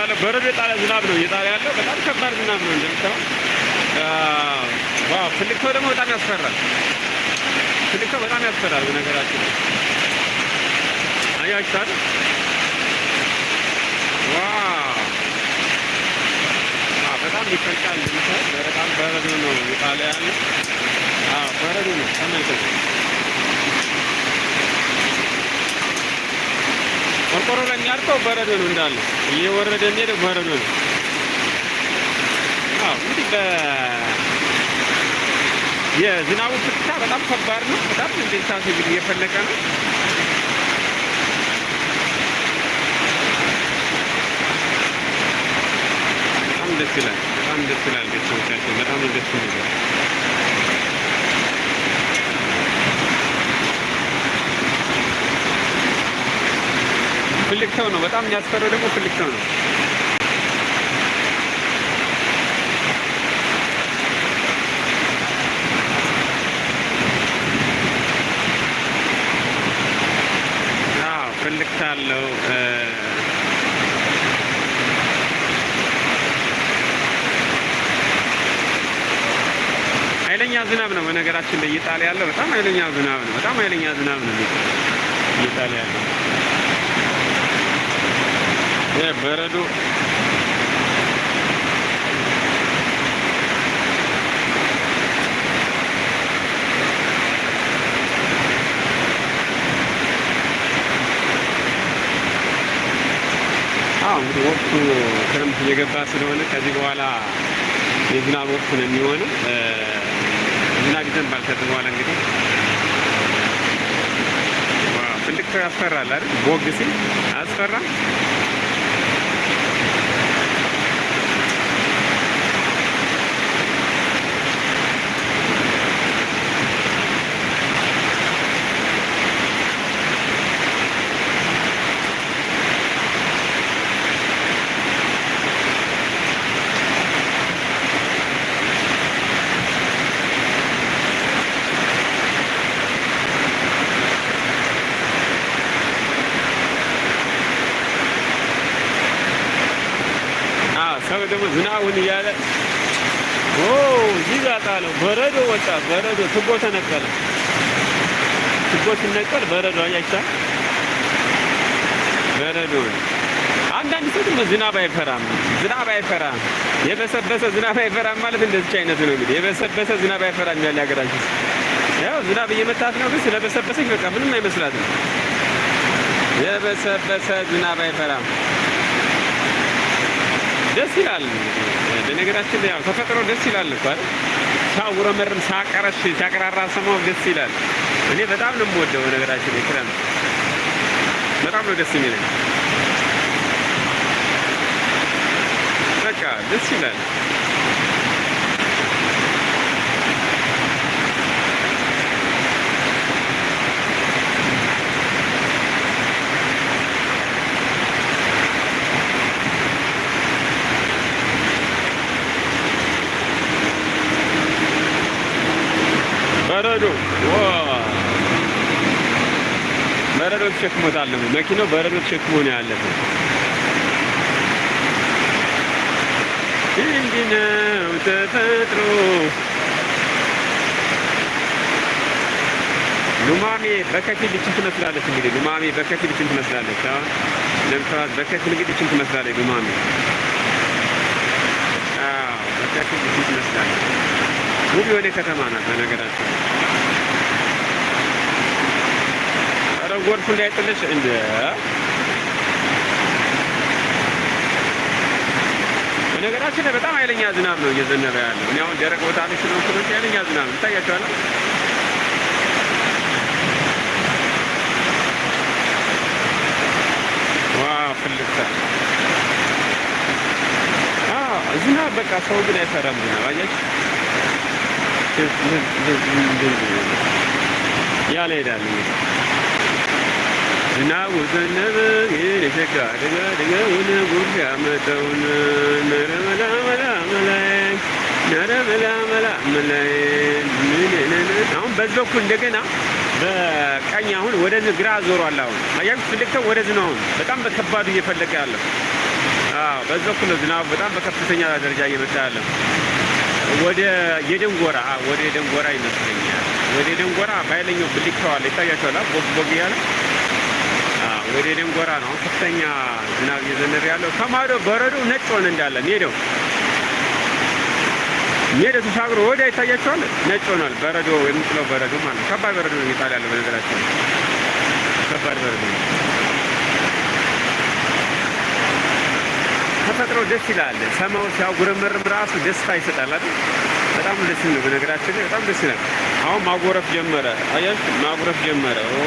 ያለው በረዶ የጣለ ዝናብ ነው እየጣለ ያለው። በጣም ከባድ ዝናብ ነው እንደምታየው። ዋው ፍልክተው ደግሞ በጣም ያስፈራል። ፍልክተው በጣም ያስፈራል። በነገራችን አያችሁታል። ዋው በጣም ይፈልቃል። በጣም በረዶ ነው በረዶ ነው ተመልከቱ። ቆርቆሮ ላይ በረዶ ነው እንዳለ እየወረደ የሚሄደው በረዶ ነው። እንግዲህ የዝናቡ ፍጥታ በጣም ከባድ ነው። በጣም ኢንቴንሳት እንግዲህ እየፈለቀ ነው። በጣም ደስ ይላል። በጣም ደስ ይላል። ቤተሰቦቻችን በጣም ደስ ይላል። ፍልክተው ነው። በጣም የሚያስፈራው ደግሞ ፍልክተው ነው። ኃይለኛ ዝናብ ነው። በነገራችን ላይ እየጣለ ያለው በጣም ኃይለኛ ዝናብ ነው። በጣም ኃይለኛ ዝናብ ነው እየጣለ ያለው። በረዶ እንግዲህ ወቅቱ ክረምት እየገባ ስለሆነ ከዚህ በኋላ የዝናብ ወቅት ነው የሚሆነው። ዝናብ ይዘንባል ከዚህ በኋላ እንግዲህ ፍልክ ያስፈራል አይደል? ቦግ ሲል አያስፈራም። ሰው ደግሞ ዝናቡን እያለ እዚህ ጋር ጣለው። በረዶ ወጣ። በረዶ ትቦ ተነቀለ። ትቦ ሲነቀል በረዶ አያችታል። በረዶ አንዳንድ ሰው ደግሞ ዝናብ አይፈራም። ዝናብ አይፈራም፣ የበሰበሰ ዝናብ አይፈራም ማለት እንደዚች አይነት ነው። እንግዲህ የበሰበሰ ዝናብ አይፈራም ያለ ሀገራችን ያው ዝናብ እየመታት ነው፣ ግን ስለበሰበሰች በቃ ምንም አይመስላትም። የበሰበሰ ዝናብ አይፈራም። ደስ ይላል። በነገራችን ላይ ያው ተፈጥሮ ደስ ይላል እኮ ሳውረመርም ሳቀረሽ ሲያቀራራ ሰማው ደስ ይላል። እኔ በጣም ነው የምወደው። በነገራችን ላይ ክረምት በጣም ነው ደስ የሚለኝ። በቃ ደስ ይላል። ተሸክሞታል መኪናው በረዶ ተሸክሞ ነው ያለፈው። እንዲህ ነው ተፈጥሮ። ሉማሜ በከፊል ይችን ትመስላለች። እንግዲህ ሉማሜ በከፊል ይችን ትመስላለች። አሁን ለምሳሌ በከፊል እንግዲህ ይችን ትመስላለች ሉማሜ። አዎ በከፊል ይችን ትመስላለች። ውብ የሆነ ከተማ ናት በነገራችን ጎርፍ እንዳይጥልሽ እንደ በነገራችን ላይ በጣም ኃይለኛ ዝናብ ነው እየዘነበ ያለው። እኔ አሁን ደረቅ ቦታ ላይ ስለሆንኩ ነው። ኃይለኛ ዝናብ ይታያቸዋል። ዝናብ በቃ ሰው ግን አይፈራም ዝናብ አያችሁ። ያለ ሄዳል ዝናቡ ዘነበ ግን የሸጋ ደጋ ደጋውን ጉርፍ ያመጣውን ነረ መላ መላ መላየን ነረ መላ መላ መላየን አሁን በዚህ በኩል እንደገና በቀኝ አሁን ወደዚህ ግራ ዞሯል። አሁን አያችሁ ፍልክተው ወደዚህ ነው። አሁን በጣም በከባዱ እየፈለቀ ያለው በዚህ በኩል ነው። ዝናቡ በጣም በከፍተኛ ደረጃ እየመጣ ያለው ወደ የደንጎራ ወደ የደንጎራ ይመስለኛል። ወደ የደንጎራ በኃይለኛው ብልክተዋል። ይታያቸዋል ቦግ ቦግ እያለ ወደ ደንጎራ ነው። ከፍተኛ ዝናብ እየዘነበ ያለው ከማዶ በረዶ ነጭ ሆነ እንዳለ ሜዳው ሜዳው ተሻግሮ ወደ ይታያቸዋል። ነጭ ሆኗል በረዶ የሚጥለው በረዶ ማለት ነው። ከባድ በረዶ ነው የሚጣል ያለው በነገራችን ከባድ በረዶ ነው። ተፈጥሮ ደስ ይላል። ሰማው ሲያጉረመርም ራሱ ደስታ ይሰጣል አይደል? በጣም ደስ ነው። በነገራችን በጣም ደስ ይላል። አሁን ማጎረፍ ጀመረ። አያችሁ ማጎረፍ ጀመረ። ኦ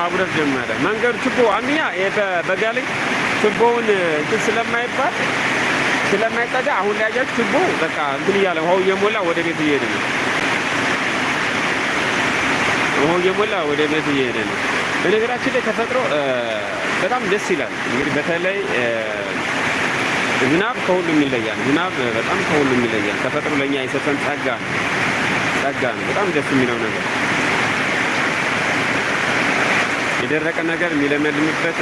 ማጉረፍ ጀመረ። መንገዱ ችቦ አንደኛ በጋ ላይ ችቦውን እንትን ስለማይባል ስለማይጠጋ አሁን ላይ ያያችሁ ችቦ በቃ እንትን እያለ ውሃው እየሞላ ወደ ቤት እየሄደ ነው። ውሃው እየሞላ ወደ ቤት እየሄደ ነው። በነገራችን ላይ ተፈጥሮ በጣም ደስ ይላል። እንግዲህ በተለይ ዝናብ ከሁሉም ይለያል። ዝናብ በጣም ከሁሉም ይለያል። ተፈጥሮ ለእኛ የሰጠን ጸጋ ጸጋ ነው። በጣም ደስ የሚለው ነገር የደረቀ ነገር የሚለመልምበት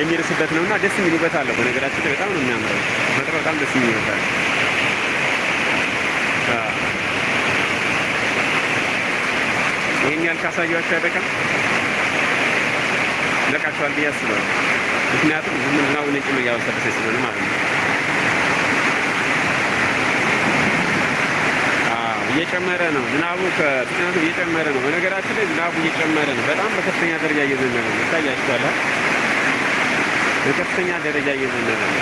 የሚርስበት ነው እና ደስ የሚል ውበት አለው። በነገራችን ላይ በጣም ነው የሚያምረው። በጣም በጣም ደስ የሚል ውበት አለው። ይህን ያህል ካሳያችሁ አይበቃም? በቃችኋል ብዬ አስባለሁ። ምክንያቱም ዝምናው ነጭ ነው እያወሰደሰ ስለሆነ ማለት ነው። እየጨመረ ነው ዝናቡ ምክንያቱም እየጨመረ ነው። በነገራችን ላይ ዝናቡ እየጨመረ ነው። በጣም በከፍተኛ ደረጃ እየዘነበ ነው። ይታያችኋል። በከፍተኛ ደረጃ እየዘነበ ነው።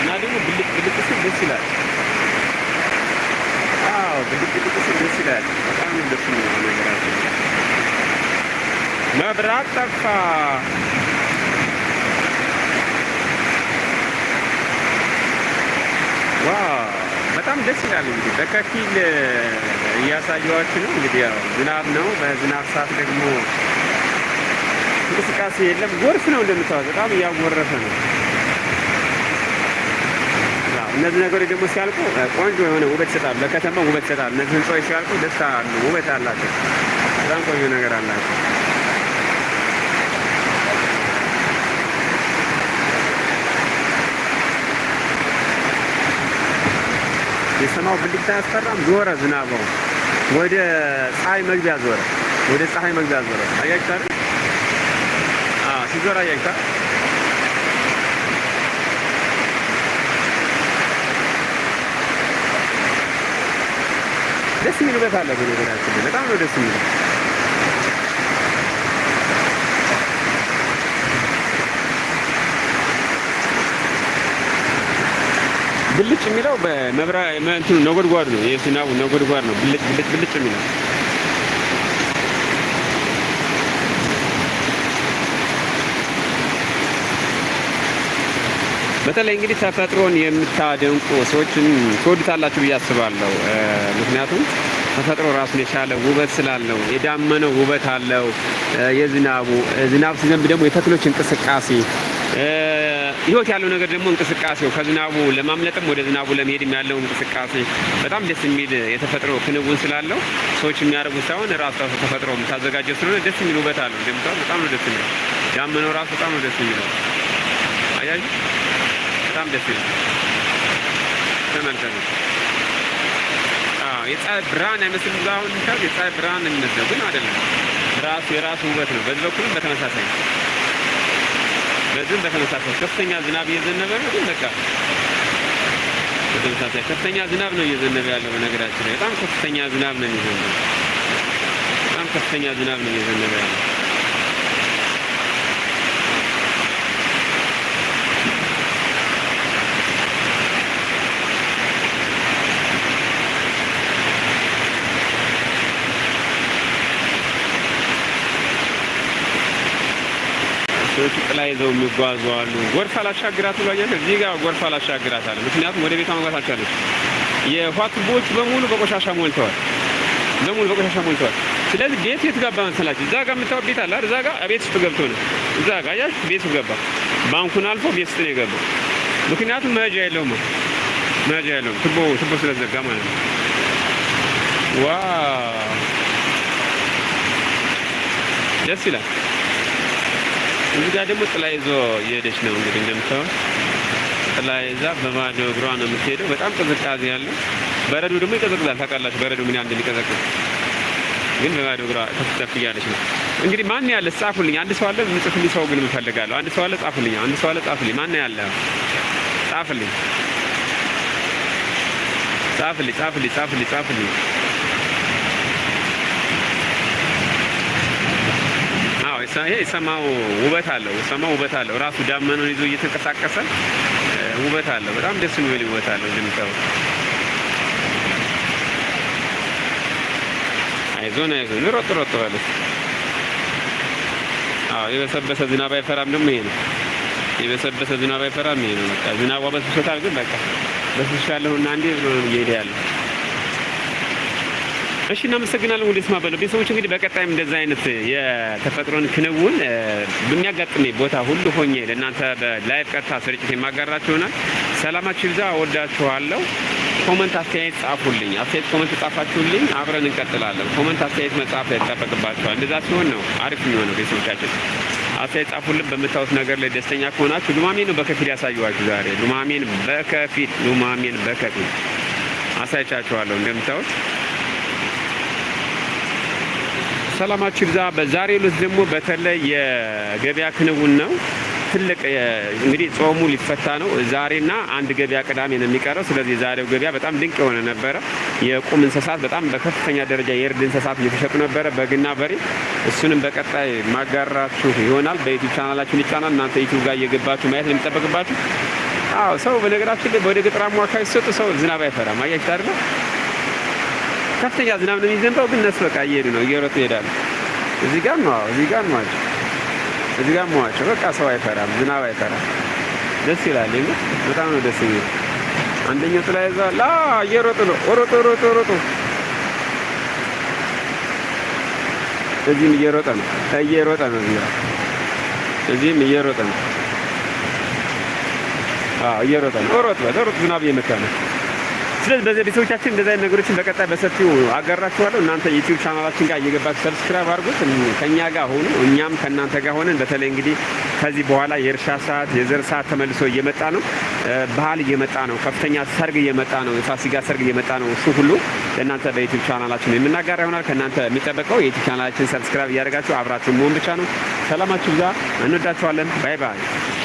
እና ደግሞ ብልቅ ብልቅ ስል ደስ ይላል። አዎ ብልቅ ብልቅ ስል ደስ ይላል። በጣም ደስ ነው። ነገራችን መብራት ጠፋ። ዋ በጣም ደስ ይላል። እንግዲህ በከፊል እያሳየዋችሁ ነው። እንግዲህ ያው ዝናብ ነው። በዝናብ ሰዓት ደግሞ እንቅስቃሴ የለም። ጎርፍ ነው እንደምታዩት፣ በጣም እያጎረፈ ነው። እነዚህ ነገሮች ደግሞ ሲያልቁ ቆንጆ የሆነ ውበት ይሰጣሉ። ለከተማ ውበት ይሰጣሉ። እነዚህ ህንፃዎች ሲያልቁ ደስታ አሉ፣ ውበት አላቸው። በጣም ቆንጆ ነገር አላቸው። የሰማው ብልጭታ አያስፈራም። ዞረ ዝናበው ወደ ፀሐይ መግቢያ ዞረ፣ ወደ ፀሐይ መግቢያ ዞረ። አያችሁት አይደል? አዎ ሲዞር አያችሁት። ደስ የሚል ውበት አለ። በነገራችን ላይ በጣም ነው ደስ የሚል ብልጭ የሚለው በመብራ እንትኑ ነጎድጓድ ነው። የዝናቡ ነጎድጓድ ነው። ብልጭ ብልጭ ብልጭ የሚለው በተለይ እንግዲህ ተፈጥሮን የምታደንቁ ሰዎችን ትወዱታላችሁ ብዬ አስባለሁ። ምክንያቱም ተፈጥሮ ራሱን የቻለ ውበት ስላለው የዳመነው ውበት አለው። የዝናቡ ዝናብ ሲዘንብ ደግሞ የተክሎች እንቅስቃሴ ህይወት ያለው ነገር ደግሞ እንቅስቃሴው ከዝናቡ ለማምለጥም ወደ ዝናቡ ለመሄድም ያለው እንቅስቃሴ በጣም ደስ የሚል የተፈጥሮ ክንውን ስላለው ሰዎች የሚያደርጉት ሳይሆን ራሱ ተፈጥሮ የምታዘጋጀው ስለሆነ ደስ የሚል ውበት አለው። እንደምታው በጣም ነው ደስ የሚለው። ዳመናው ራሱ በጣም ነው ደስ የሚለው። አያችሁ፣ በጣም ደስ ይላል። ተመልከቱ። የፀሐይ ብርሃን አይመስልም? አሁን የፀሐይ ብርሃን የሚመስለው ግን አይደለም። ራሱ የራሱ ውበት ነው። በዚህ በኩልም በተመሳሳይ በዚህም በተመሳሳይ ከፍተኛ ዝናብ እየዘነበ ነው። ግን በቃ በተመሳሳይ ከፍተኛ ዝናብ ነው እየዘነበ ያለው። በነገራችን ላይ በጣም ከፍተኛ ዝናብ ነው የሚዘነበው። በጣም ከፍተኛ ዝናብ ነው እየዘነበ ያለው። ሰዎቹ ጥላ ይዘው የሚጓዙ አሉ። ጎርፍ አላሻግራት ብሏያቸው እዚህ ጋር ጎርፍ አላሻግራት አለ። ምክንያቱም ወደ ቤቷ መግባት አልቻለች። የውሃ ቱቦዎች በሙሉ በቆሻሻ ሞልተዋል፣ በሙሉ በቆሻሻ ሞልተዋል። ስለዚህ ቤት የት ገባ መሰላችሁ? እዛ ጋር የምታወቅ ቤት አለ። እዛ ጋር ቤት ውስጥ ገብቶ ነው። እዛ ጋር ያሽ ቤት ውስጥ ገባ። ባንኩን አልፎ ቤት ውስጥ ነው የገባው። ምክንያቱም መሄጃ የለውም፣ መሄጃ የለውም። ቱቦ ቱቦ ስለዘጋ ማለት ነው። ዋ ደስ ይላል። እዚህ ጋር ደግሞ ጥላ ይዞ እየሄደች ነው። እንግዲህ እንደምታየው ጥላ ይዛ በማዶ እግሯ ነው የምትሄደው። በጣም ቅዝቃዜ ያለው በረዶ ደግሞ ይቀዘቅዛል። ታውቃላችሁ በረዶ ምን ያህል እንደሚቀዘቅዝ ግን በባዶ እግሯ ተፍተፍ እያለች ነው። እንግዲህ ማን ያለ ጻፉልኝ። አንድ ሰው አለ ምጽፍልኝ። ሰው ግን እፈልጋለሁ። አንድ ሰው አለ ጻፉልኝ። አንድ ሰው አለ ጻፉልኝ። ማን ያለ ጻፍልኝ፣ ጻፍልኝ፣ ጻፍልኝ፣ ጻፍልኝ ይሄ የሰማው ውበት አለው። ሰማው ውበት አለው። ራሱ ዳመናውን ይዞ እየተንቀሳቀሰ ውበት አለው። በጣም ደስ የሚል ውበት አለው። እንደምታው አይዞን አይዞን ሮጥ ሮጥ በል። አዎ የበሰበሰ ዝናብ አይፈራም። ደግሞ ይሄ ነው የበሰበሰ ዝናብ አይፈራም። ይሄ ነው በቃ ዝናቧ በስብሰታል፣ ግን በቃ በስብሻለሁ እና እንዴ ነው እየሄደ ያለው እሺ እናመሰግናለን። ወደ ስማ በለው ቤተሰቦች እንግዲህ በቀጣይም እንደዚህ አይነት የተፈጥሮን ክንውን በሚያጋጥሜ ቦታ ሁሉ ሆኜ ለእናንተ በላይቭ ቀጥታ ስርጭት የማጋራችሁ ይሆናል። ሰላማችሁ ይብዛ፣ ወዳችኋለሁ። ኮመንት አስተያየት ጻፉልኝ። አስተያየት ኮመንት ጻፋችሁልኝ፣ አብረን እንቀጥላለን። ኮመንት አስተያየት መጻፍ ይጠበቅባችኋል። እንደዛ ሲሆን ነው አሪፍ የሚሆነው። ቤተሰቦቻችን አስተያየት ጻፉልን። በምታዩት ነገር ላይ ደስተኛ ከሆናችሁ ሉማሜን ነው በከፊል ያሳየኋችሁ ዛሬ። ሉማሜን በከፊል ሉማሜን በከፊል አሳይቻችኋለሁ እንደምታዩት ሰላማችሁ ይብዛ። በዛሬ ዕለት ደግሞ በተለይ የገበያ ክንውን ነው። ትልቅ እንግዲህ ጾሙ ሊፈታ ነው ዛሬና አንድ ገበያ ቅዳሜ ነው የሚቀረው። ስለዚህ የዛሬው ገበያ በጣም ድንቅ የሆነ ነበረ። የቁም እንስሳት በጣም በከፍተኛ ደረጃ የእርድ እንስሳት እየተሸጡ ነበረ፣ በግና በሬ። እሱንም በቀጣይ ማጋራችሁ ይሆናል። በዩቱብ ቻናላችን ይጫናል። እናንተ ዩቱብ ጋር እየገባችሁ ማየት ነው የሚጠበቅባችሁ። አዎ ሰው በነገራችን ላይ ወደ ገጠራማ አካባቢ ሲሰጡ ሰው ዝናብ አይፈራም። አያችሁት አይደለ? ከፍተኛ ዝናብ ነው የሚዘንበው፣ ግን እነሱ በቃ እየሄዱ ነው እየሮጡ ይሄዳሉ። እዚህ ጋር ነው እዚህ ጋር ነዋቸው እዚህ ጋር መዋቸው። በቃ ሰው አይፈራም፣ ዝናብ አይፈራም። ደስ ይላል። ይሄ በጣም ነው ደስ የሚል። አንደኛው ጥላ ይዘዋል። እየሮጡ ነው ሮጦ ሮጦ ሮጦ እዚህም እየሮጠ ነው እየሮጠ ነው እዚህ እዚህም እየሮጠ ነው እየሮጠ ነው። ሮጥ ሮጥ ዝናብ እየመታ ነው። ስለዚህ በዚህ ቤተሰቦቻችን እንደዚህ አይነት ነገሮችን በቀጣይ በሰፊው አጋራችኋለሁ። እናንተ ዩቲዩብ ቻናላችን ጋር እየገባችሁ ሰብስክራይብ አድርጉት፣ ከእኛ ጋር ሆኑ፣ እኛም ከእናንተ ጋር ሆነን በተለይ እንግዲህ ከዚህ በኋላ የእርሻ ሰዓት የዘር ሰዓት ተመልሶ እየመጣ ነው። ባህል እየመጣ ነው። ከፍተኛ ሰርግ እየመጣ ነው። የፋሲጋ ሰርግ እየመጣ ነው። እሱ ሁሉ ለእናንተ በዩቲዩብ ቻናላችን የምናጋራ ይሆናል። ከእናንተ የሚጠበቀው የዩቲዩብ ቻናላችን ሰብስክራይብ እያደረጋችሁ አብራችሁ መሆን ብቻ ነው። ሰላማችሁ ብዛ። እንወዳችኋለን። ባይ ባይ።